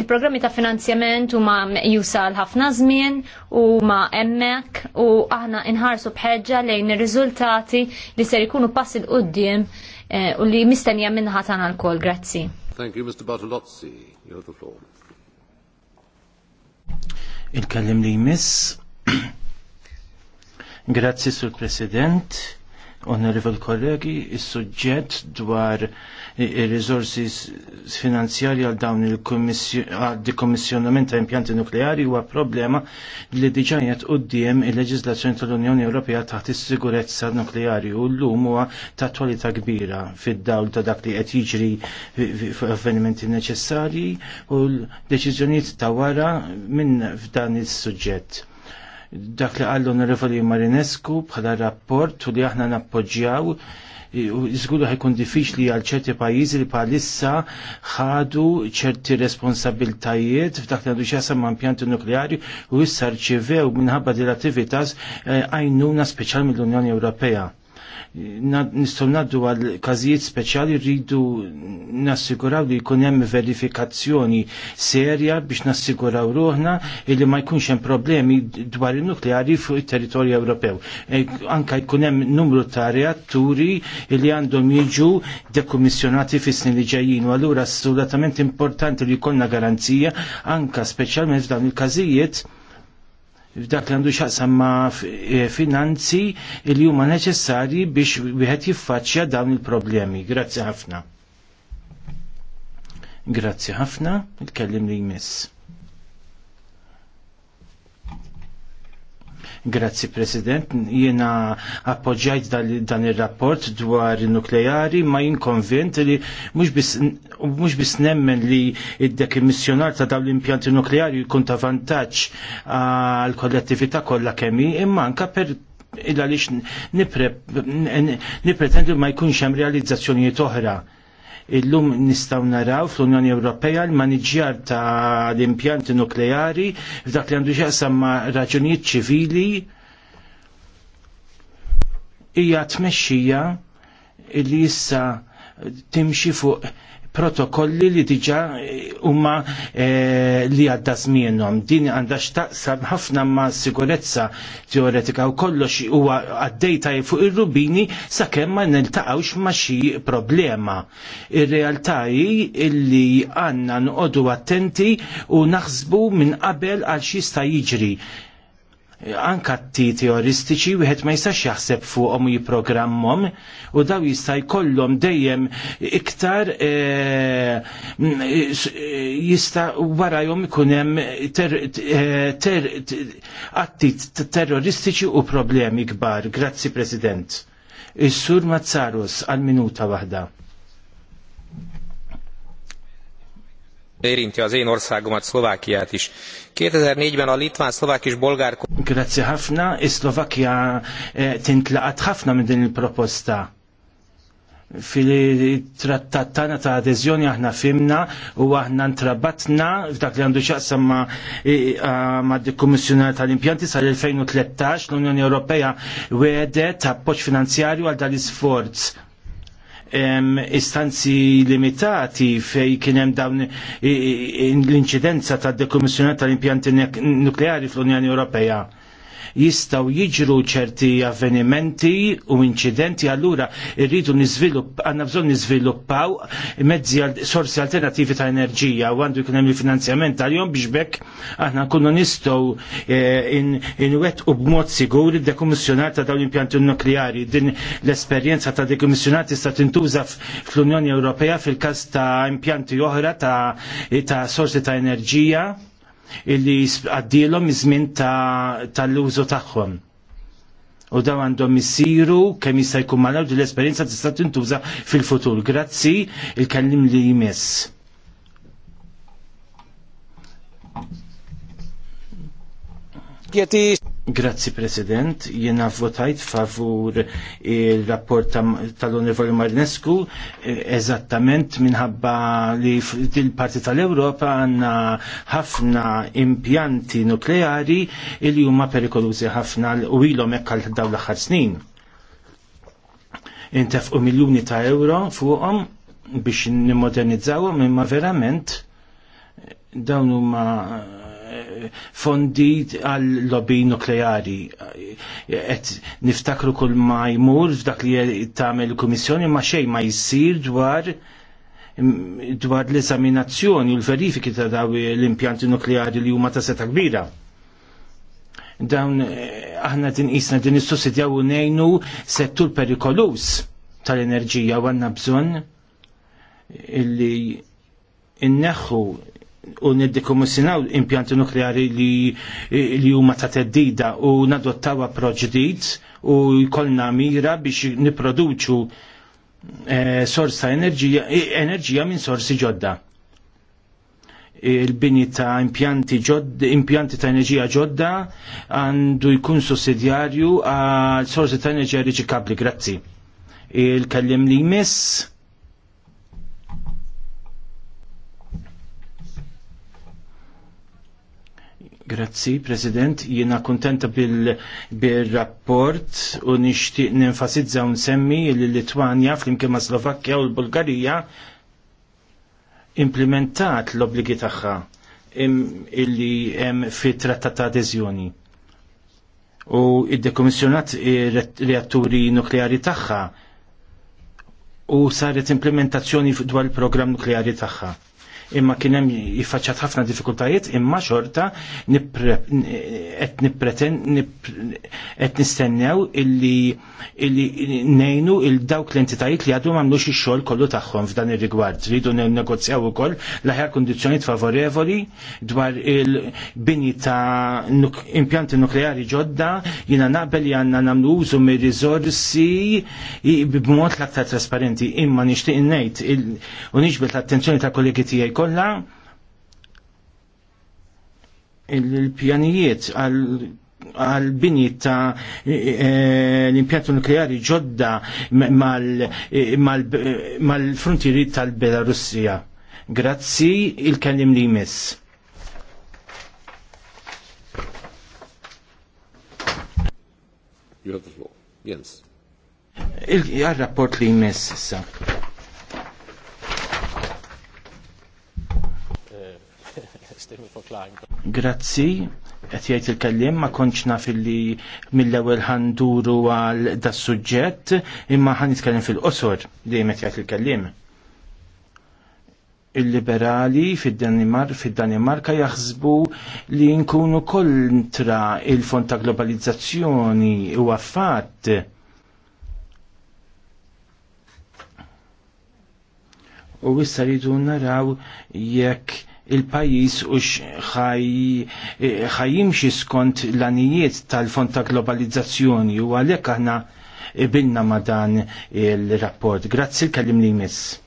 Speaker 5: Il-programmi ta' finanzjament huma jusa għal ħafna żmien u ma hemmhekk u aħna inħarsu bħedġa lejn ir-riżultati li ser ikunu pass il qudiem eh, u li mistennija minnaħa tagħna l-koll. Grazzi.
Speaker 1: Thank you, Mr. Bartolozzi. You have the floor.
Speaker 2: Il-kellim li jmiss. Grazzi, Sur President Onorevol kollegi, is-suġġett dwar ir-riżorsi finanzjarji għal dawn il-dikommissjonament ta' impjanti nukleari huwa problema li diġà d quddiem il leġizlazzjoni tal-Unjoni Ewropea taħt is-sigurezza nukleari u llum huwa ta' attualità kbira fid-dawl ta' dak li qed jiġri f'avvenimenti neċessarji u l-deċiżjonijiet ta' wara minn f'dan is-suġġett dak li għallu onorevoli Marinescu bħala rapport u li aħna nappoġġjaw jizgulu ħajkun diffiċli għal ċerti pajjiżi li bħalissa ħadu ċerti responsabiltajiet f'dak li għandu xjasam ma' impjanti nukleari u issa rċivew minħabba l-attività eh, għajnuna speċjal mill-Unjoni Ewropea nistgħu ngħaddu għal każijiet speċjali rridu nassiguraw li jkun hemm verifikazzjoni serja biex nassiguraw ruħna li ma jkunx hemm problemi dwar in-nukleari fuq it-territorju Ewropew. E, anka jkun hemm numru ta' reatturi li għandhom jiġu dekommissjonati fis-snin li ġejjin allura assolutament importanti li jkollna garanzija anka speċjalment f'dawn il-każijiet f'dak li għandu xaqsamma e, finanzi li huma neċessarji biex wieħed jiffaċċja dawn il-problemi. Grazzi ħafna. Grazzi ħafna, il-kellim li jmiss. Grazzi President, jiena appoġġajt dan ir-rapport dwar il-nukleari ma jinkonvent li mhux biss nemmen li id-dekimissjonar ta' dawn l-impjanti nukleari jkun ta' vantaġġ għall kollettività kollha kemm imma anke per illa lix nipretendu ma jkunx hemm realizzazzjonijiet oħra Illum nistaw naraw fl-Unjoni Ewropea l-maniġjar ta' l-impjanti nukleari f'dak li għandu xaqsam ma' raġunijiet ċivili hija tmexxija li issa timxi fuq protokolli li diġa eh, huma eh, li għadda żmienhom. Din għandha x'taqsam ħafna ma' sigurezza teoretika u kollox huwa għaddejta fuq ir-rubini sakemm ma niltaqgħux ma' xi problema. Ir-realtà hi li għandna nqogħdu attenti u naħsbu minn qabel għal xi sta jiġri anka t teoristiċi wieħed ma jistax jaħseb fuqhom u jipprogrammhom u daw jista' jkollhom dejjem iktar e, e, jista' warajhom ikun hemm e, atti terroristiċi u problemi kbar. Grazzi President. Is-sur Mazzaros għal minuta waħda.
Speaker 1: érinti az én országomat, Szlovákiát is.
Speaker 2: 2004-ben
Speaker 1: a litván, szlovák és bolgár...
Speaker 2: Grazie hafna, és Szlovákia eh, tint ħafna minn din il-proposta Fili trattatana ta' adezjoni aħna fimna u aħna ntrabatna f'dak li għandu xaqsam ma' eh, eh, kummissjonar tal-impjanti sal-2013 l-Unjoni Ewropea wedet appoġġ finanzjarju għal dal-isforz istanzi limitati fej kienem dawn l-inċidenza ta' dekommissjonat tal-impjanti nukleari fl-Unjoni Ewropea jistaw jiġru ċerti avvenimenti u incidenti, allura irridu nizvilupp, għanna bżon nizviluppaw mezzi sorsi alternativi ta' enerġija u għandu jkun hemm il-finanzjament tal-jom biex bekk aħna kunu nistgħu eh, inwet u b'mod sigur id-dekommissjonar ta' dawn l-impjanti nukleari. Din l-esperjenza ta' dekommissjonar tista' tintuża fl-Unjoni Ewropea fil-każ ta' impjanti oħra ta' sorsi ta' enerġija illi għaddilhom iż-żmien tal-użu ta U daw għandhom isiru kemm jista' jkun malaw din l-esperjenza tista' tintuża fil-futur. Grazzi il-kellim li jmiss. Kieti Grazzi President, jena votajt favur il-rapport tal-Onorevoli Marinescu eh, eżattament minħabba li fil-parti tal-Europa għanna ħafna impjanti nukleari il huma perikolużi ħafna u ilhom hekk għal dawn l-aħħar snin. Intefqu miljuni ta' euro fuqhom biex nimmodernizzawhom imma verament dawn huma fondi għal lobby nukleari. Et niftakru kull ma jmur f'dak li tagħmel il-Kummissjoni ma xejn ma jsir dwar dwar l-eżaminazzjoni u l-verifiki ta' daw l-impjanti nukleari li huma ta' seta' kbira. Dawn aħna din isna din istussidjaw u nejnu settur perikolus tal-enerġija u għanna bżonn illi inneħħu u sinaw impjanti nukleari li, li huma ta' teddida u nadottaw approċ ġdid u jkollna mira biex niproduċu eh, sors ta' enerġija, e, enerġija minn sorsi ġodda. Il-bini ta' impjanti, ġodda, impjanti ta' enerġija ġodda għandu jkun sussidjarju għal sorsi ta' enerġija riċikabli. Grazzi. Il-kellim li jmiss Grazzi, President. Jiena kontenta bil-rapport bil u nixtieq nenfasizza un semmi li Litwanja flimkien ma' Slovakkja u l-Bulgarija implementat l obbligi tagħha illi hemm fit-trattat ta' adeżjoni u id-dekomissjonat reatturi nukleari tagħha u saret implementazzjoni dwar il-programm nukleari tagħha imma kien hemm jiffaċċat ħafna diffikultajiet imma xorta qed nippreten qed nistennew illi illi ngħinu il dawk l-entitajiet li għadu m'għamlux ix-xogħol kollu tagħhom f'dan ir-rigward. Ridu negozjaw ukoll l-aħjar kundizzjonijiet favorevoli dwar il-bini ta' impjanti nukleari ġodda jiena naqbel li għandna nagħmlu użu mir-riżorsi b'mod l-aktar trasparenti imma nixtieq ngħid u niġbel l-attenzjoni ta' kollegi tiegħi kollha il-pjanijiet għal bini ta' e, e, l-impjantu nukleari ġodda mal e, frontiri tal-Belarusija. Grazzi il-kellim li jmiss. Jens. Il-rapport li jmiss issa. Grazzi, qed jgħid il-kellim ma kontx naf illi mill-ewwel ħanduru għal das suġġett imma ħan nitkellem fil-qosor dejjem qed jgħid il-kellim. Il-liberali fid-Danimarka jaħsbu li nkunu kontra il-fond ta' globalizzazzjoni u għaffat. U issa rridu naraw jekk il-pajis u xajimxi skont l-anijiet tal-fond ta' globalizzazzjoni u għalek aħna bilna ma dan il-rapport. Grazzi l-kellim li jmiss.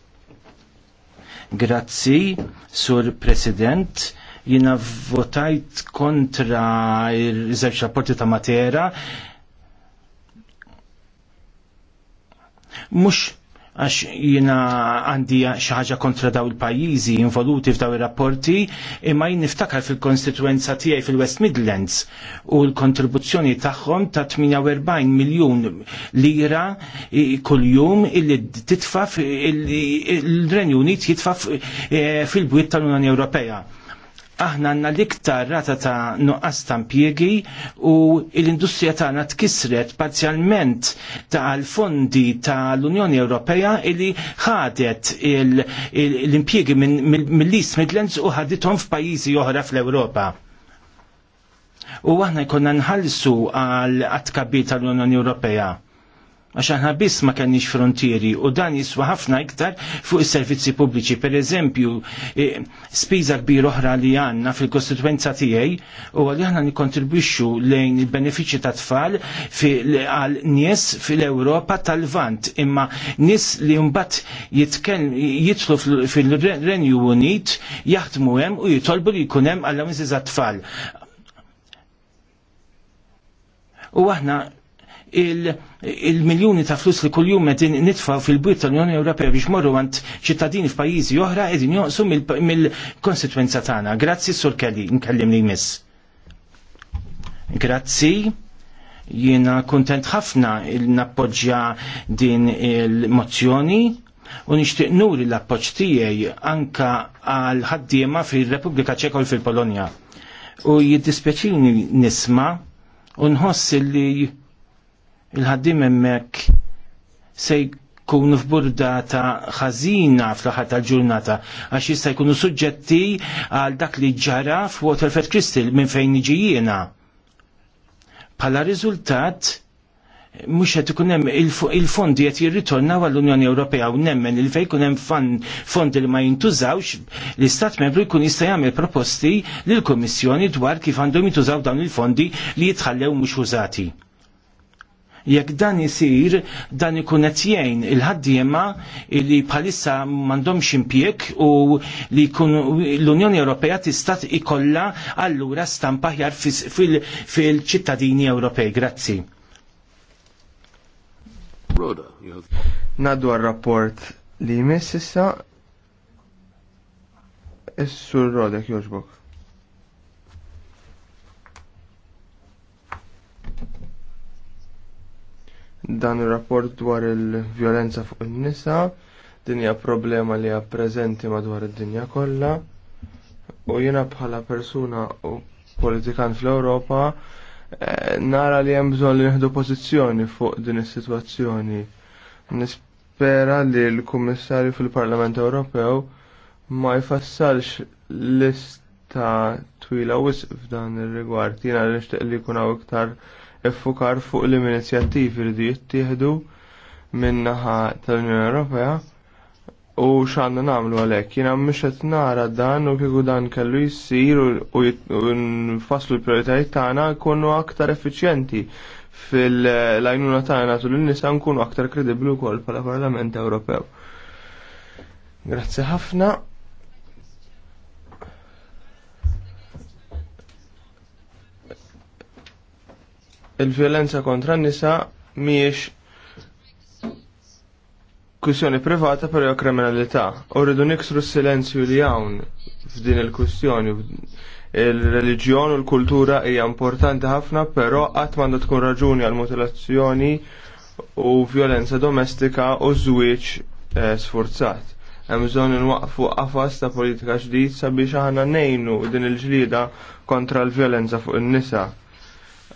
Speaker 2: Grazzi, Sur President jina votajt kontra il-żewġ rapporti ta' Matera. Mux għax jina għandi xaħġa kontra daw il-pajizi involuti f'daw il-rapporti imma jien niftakar fil-konstituenza tiegħi fil-West Midlands u l-kontribuzzjoni tagħhom ta' 48 miljun lira kuljum illi titfa il-Renju Unit jitfa eh, fil-bwiet tal-Unjoni Ewropea aħna għanna l-iktar rata ta' nuqqas ta' impjiegi u l-industrija tagħna tkisret parzjalment ta' l-fondi ta' l-Unjoni Ewropea illi ħadet l-impjiegi mill-list Midlands u ħaditom f'pajjiżi oħra fl-Ewropa. U aħna jkollna nħallsu għal atkabi tal-Unjoni Ewropea għax aħna biss ma kenniex frontieri u dan jiswa ħafna iktar fuq is-servizzi pubbliċi. Per eżempju, e, spiża kbir oħra li għandna fil-kostituenza tiegħi u għalli aħna nikkontribwixxu lejn il-benefiċċji ta' tfal għal nies fil-Ewropa tal-Vant, imma nies li mbagħad jitlu fil-Renju Unit jaħdmu hemm u jitolbu li jkun hemm għall tfal. U aħna il-miljoni ta' flus li kuljum qegħdin nitfaw fil-bwiet tal-Unjoni Ewropea biex morru għant ċittadini f'pajjiżi oħra qegħdin joqsu mill-konsegwenza tagħna. Grazzi Sur Kelly, nkellim li jmiss. Grazzi jiena kontent ħafna il-nappoġġja din il-mozzjoni u nixtieq nuri l-appoġġ tiegħi anka għal ħaddiema fir-Repubblika Ċeka u fil-Polonja. U jiddispjaċini nisma' u nħoss li il-ħaddim emmek se jkunu f'burda ta' ħażina fl-aħħar tal-ġurnata għax jista' jkunu suġġetti għal dak li ġara f'Waterford Crystal minn fejn niġi jiena. Bħala riżultat mhux qed ikun hemm il-fondi qed jirritornaw għall-Unjoni Ewropea u nemmen il fejn ikun hemm fondi li ma jintużawx l-Istat Membru jkun jista' jagħmel proposti lill-Kummissjoni dwar kif għandhom jintużaw dawn il-fondi li jitħallew mhux użati Jekk dan isir, dan ikun qed jgħin il-ħaddiema li bħalissa m'għandhomx impjek u li jkun l-Unjoni Ewropea tista' ikollha allura stampa aħjar fil-ċittadini Ewropej. Grazzi. Nadu għal-rapport li jmiss issa
Speaker 6: Issu sur Rodek joġbok. dan ir-rapport dwar il-vjolenza fuq in-nisa, din hija problema li hija preżenti madwar id-dinja kollha. U jiena bħala persuna u politikan fl-Ewropa eh, nara li hemm bżonn li nieħdu pożizzjoni fuq din is-sitwazzjoni. Nispera li l-Kummissarju fil-Parlament Ewropew ma jfassalx lista twila wisq f'dan ir-rigward. Jiena li nixtieq li jkun hawn iktar effukar fuq l-inizjattivi li jittieħdu min-naħa tal-Unjoni Ewropea u x'għandna nagħmlu għalhekk. Jiena mhux qed nara dan u kieku dan kellu jsir u nfasslu l-prijoritajiet tagħna jkunu aktar effiċjenti fil-lajnuna tagħna tul nisa nkunu aktar kredibbli wkoll bħala Parlament Ewropew. Grazzi ħafna. il-violenza kontra n-nisa miex kwistjoni privata per kriminalità. U rridu niksru s-silenzju li hawn f'din il kussjoni Il-reliġjon u l-kultura hija importanti ħafna, però qatt m'għandha tkun raġuni għal mutilazzjoni u violenza domestika u żwieġ eh, sforzat. Hemm bżonn inwaqfu qafas ta' politika ġdid sabiex aħna nejnu din il-ġlieda kontra l-violenza fuq in-nisa.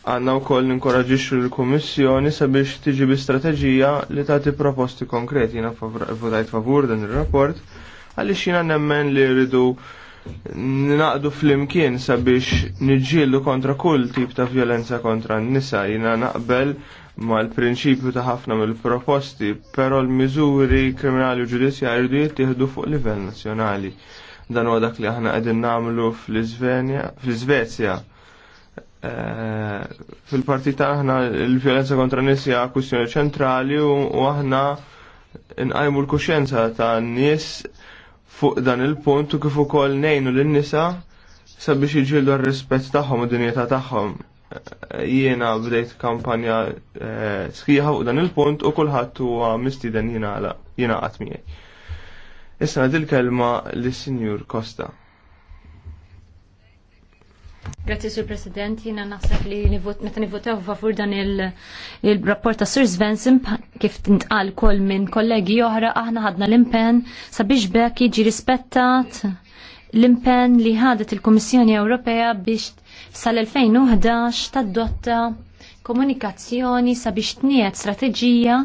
Speaker 6: Għanna u koll ninkoraġiċu l-Komissjoni sabiex tiġi bi strategija li tati proposti konkreti jina votajt favur dan il-rapport għalli xina nemmen li rridu naqdu fl-imkien sabiex nġillu kontra kull tip ta' violenza kontra n-nisa jina naqbel ma l-prinċipju ta' ħafna mill-proposti, pero l-miżuri kriminali u ġudizzjari jridu jittieħdu fuq livell nazzjonali. Dan huwa dak li aħna qegħdin nagħmlu fl-Iżvezja Eh, fil-partita aħna l-violenza kontra nisja nies hija kwistjoni ċentrali u aħna nqajmu l-kuxjenza ta' nies fuq dan il-punt u kif ukoll ngħinu lin-nisa sabiex jiġildu r-rispett tagħhom u dinjeta tagħhom. Eh, jiena bdejt kampanja eh, sħiħa fuq dan il-punt u kulħadd huwa mistieden jiena jiena qatt Issa dil kelma lis-Sinjur Costa.
Speaker 5: Grazie, Sur President. Jina naħseb li meta nivotaw favur dan il-rapport il ta' Sir Svensson kif tintqal kol minn kollegi oħra aħna ħadna l-impen sabiex bekk jiġi rispettat l-impen li ħadet il-Kummissjoni Ewropea biex sal-2011 tad-dotta komunikazzjoni sabiex tniet strateġija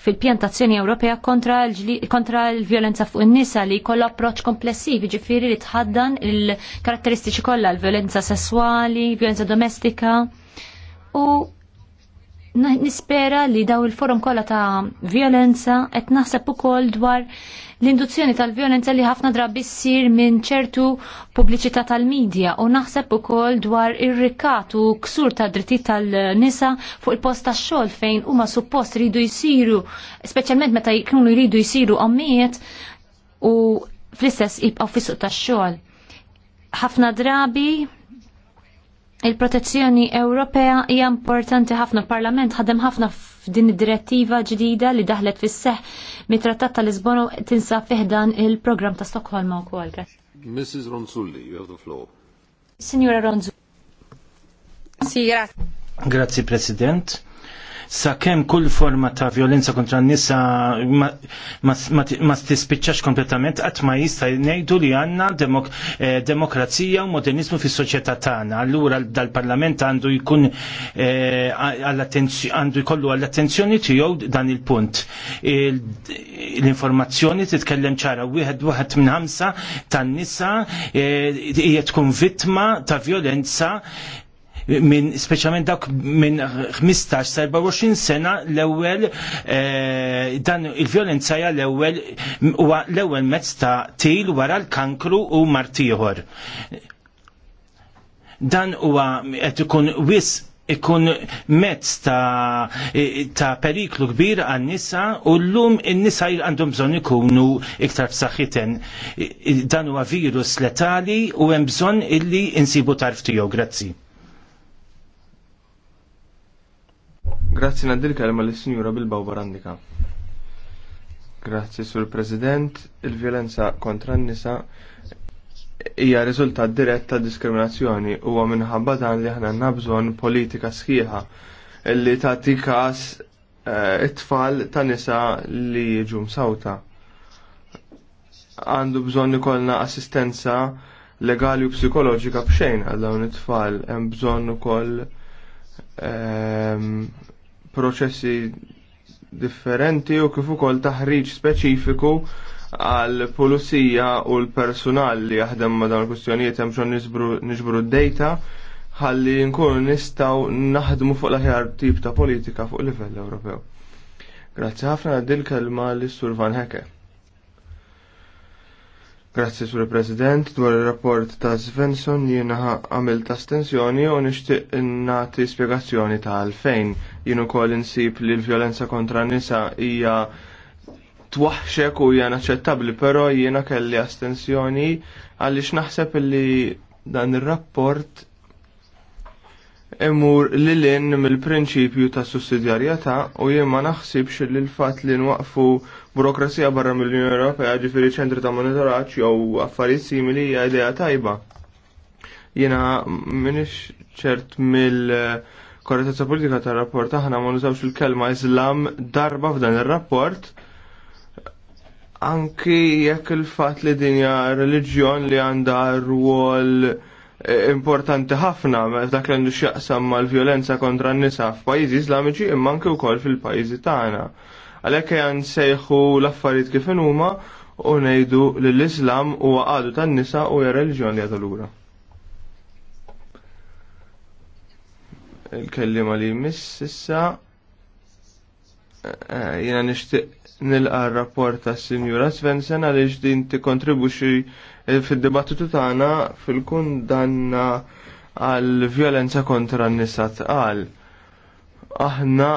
Speaker 5: fil-pjantazzjoni Ewropea kontra l-violenza fuq in-nisa li jkollha approċċ komplessiv, ġifieri li tħaddan il-karatteristiċi kollha l-violenza sessuali, violenza domestika. U nispera li daw il-forum kollha ta' violenza qed naħseb ukoll dwar l-induzzjoni tal-violenza li ħafna drabi ssir minn ċertu pubbliċità tal-medja u naħseb ukoll dwar ir rikatu u ksur ta' drittijiet tal-nisa fuq il-post tax-xogħol fejn huma suppost ridu jsiru, speċjalment meta jkunu jridu jsiru ommijiet u fl-istess jibqa' fisuq ta' tax-xogħol. Ħafna drabi il-protezzjoni Ewropea hija importanti ħafna, parlament ħadem ħafna f'din id-direttiva ġdida li daħlet fis seħ mit-trattat tal-Lisbona tinsab fiħdan il-programm ta' Stokholma wkoll.
Speaker 1: Mrs. Ronzulli, you have the floor.
Speaker 5: Signora Ronzulli. Sì, grazie.
Speaker 2: Grazie, President sakemm kull forma ta' violenza kontra n-nisa ma tispiċċax kompletament qatt ma jista' ngħidu li għandna demok eh, demokrazija u modernizmu fis-soċjetà tagħna. Allura dal-Parlament għandu jkun eh, għandu jkollu għall-attenzjoni tiegħu dan il-punt. L-informazzjoni titkellem ċara wieħed waħed minn ħamsa tan-nisa eh, hija tkun vittma ta' violenza minn speċjalment dak minn 15 sa 24 sena l-ewwel eh, dan il-vjolenza hija l-ewwel huwa l-ewwel mezz ta' til wara l-kankru u martiħor. Dan huwa qed ikun wis ikun mezz ta', ta periklu kbir għan nisa u l-lum il-nisa għandhom bżon ikunu iktar b'saħħiten. Dan huwa virus letali u hemm bżonn illi insibu tarf tiegħu. Grazzi. Grazzi naddil kelma lis sinjura Bilbaw
Speaker 6: Barandika. Grazzi sur President, il-violenza kontra n-nisa hija riżultat dirett ta' diskriminazzjoni huwa minħabba dan li aħna nabżon politika sħiħa li tagħti każ eh, it-tfal ta' nisa li jiġu msawta. Għandu bżonn ikollna assistenza legali u psikoloġika b'xejn għal dawn it-tfal, hemm bżonn ukoll ehm, proċessi differenti u kif ukoll taħriġ speċifiku għal pulizija u l-personal li jaħdem ma dan il-kustjonijiet hemm xogħol niġbru d-dejta ħalli nkunu nistgħu naħdmu fuq l-aħjar tip ta' politika fuq livell Ewropew. Grazzi ħafna dil kelma l-Sur Van Heke. Grazzi sur President, dwar il-rapport ta' Svensson jiena għamil ta' stenzjoni u nixtieq nagħti spjegazzjoni ta' għalfejn. Jien ukoll insib li l-vjolenza kontra nisa hija twaħxek u hija naċċettabbli, però jiena kelli astensjoni għaliex naħseb li dan ir-rapport imur l-in mill-prinċipju ta' sussidjarjetà u jien ma naħsibx li l-fatt li nwaqfu burokrazija barra mill-Unjoni Ewropea ġifiri ċentri ta' monitoraċ jew affarijiet simili hija idea tajba. Jiena miniex ċert mill- korretezza politika tar rapport aħna ma nużawx il-kelma Islam darba f'dan ir-rapport anki jekk il-fatt li dinja reliġjon li għandha rwol eh, importanti ħafna dak li għandu x'jaqsam mal-vjolenza kontra n-nisa f'pajjiżi Islamiċi imma anke wkoll fil-pajjiżi tagħna. Għalhekk jan sejħu l-affarijiet kif huma u ngħidu li l-Islam huwa għadu tan-nisa u hija reliġjoni li lura. Il-kellima li miss issa eh, jiena nixtieq nilqa' r-rapport tas-Sinjura Svensen għaliex din tikkontribwixxi fid-dibattitu tagħna fil-kundanna għal vjolenza kontra n-nisa tqal. Aħna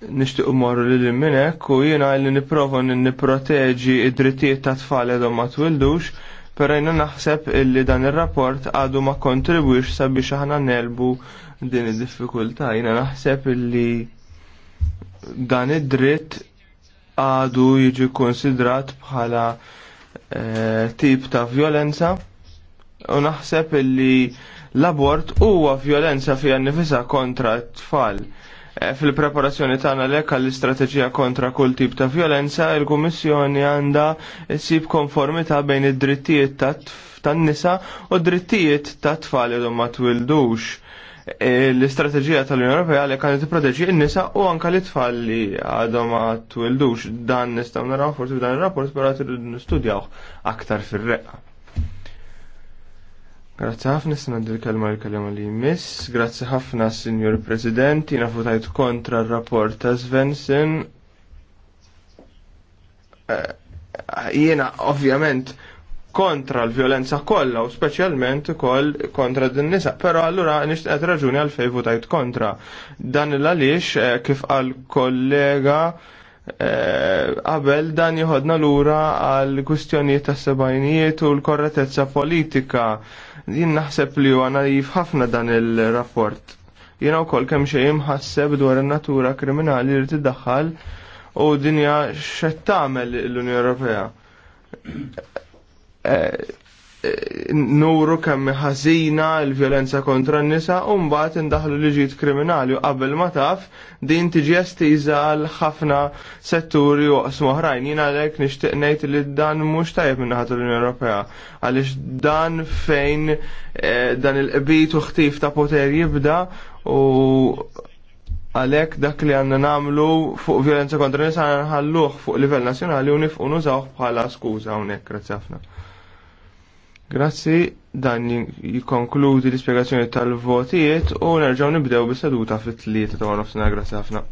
Speaker 6: nishtiq morru li l-minnek u jina li niprofa niproteġi id-drittijiet ta' tfal edhom ma twildux, pero jena naħseb illi dan il-rapport għadu ma kontribwix sabiex aħna nelbu din id-diffikulta. Jina naħseb illi dan id-dritt għadu jiġi konsidrat bħala e, tip ta' violenza u naħseb illi l-abort huwa violenza fija nifisa kontra t-tfal Eh, fil-preparazzjoni tagħna lek għall-istrateġija kontra kull tip ta' violenza, il-Kummissjoni għandha ssib konformità bejn id-drittijiet tan-nisa u d-drittijiet ta' tfal li ma twildux eh, l-istrateġija tal-Unjoni Ewropea li kanet tipproteġi n-nisa u anka l tfal li għadhom ma twildux dan nistgħu naraw forsi f'dan ir-rapport però nistudjaw aktar fir-reqqa. Grazzi ħafna s-sanad il l il-kalma li jmiss. Grazzi ħafna, Signor President, jina futajt kontra r-rapport ta' Svensson. Eh, Jena, ovvjament, kontra l-violenza kollha u speċjalment ukoll kontra din nisa. Però allura nixtieq raġuni għal votajt kontra. Dan l-għaliex eh, kif għal kollega Eh, qabel dan l lura għal kustjonijiet ta' sebajnijiet u l-korretezza politika. Jien naħseb li u għana ħafna dan il-rapport. u kol kemm xejn ħasseb dwar in-natura kriminali li t-daħħal u dinja x'qed tagħmel l-Unjoni Ewropea eh, nuru kemm ħażina l-vjolenza kontra n-nisa u mbagħad indaħlu liġijiet kriminali u qabel ma taf din tiġi estiża għal ħafna setturi u oħrajn. Jien għalhekk nixtieq ngħid li dan mhux tajjeb minn ħadd l-Unjoni Ewropea għaliex dan fejn eh, dan il-qbit u ħtif ta' poter jibda u għalek dak li għanna namlu fuq violenza kontra nisa għanħalluħ fuq livell nazjonali u nifqu nużawħ bħala skuza hawnhekk grazzi għafna. Grazzi, dan jikonkludi l-ispiegazzjoni tal-votijiet u nerġaw nibdew bis-seduta fit-tlieta ta' nofsinhar grazzi ħafna.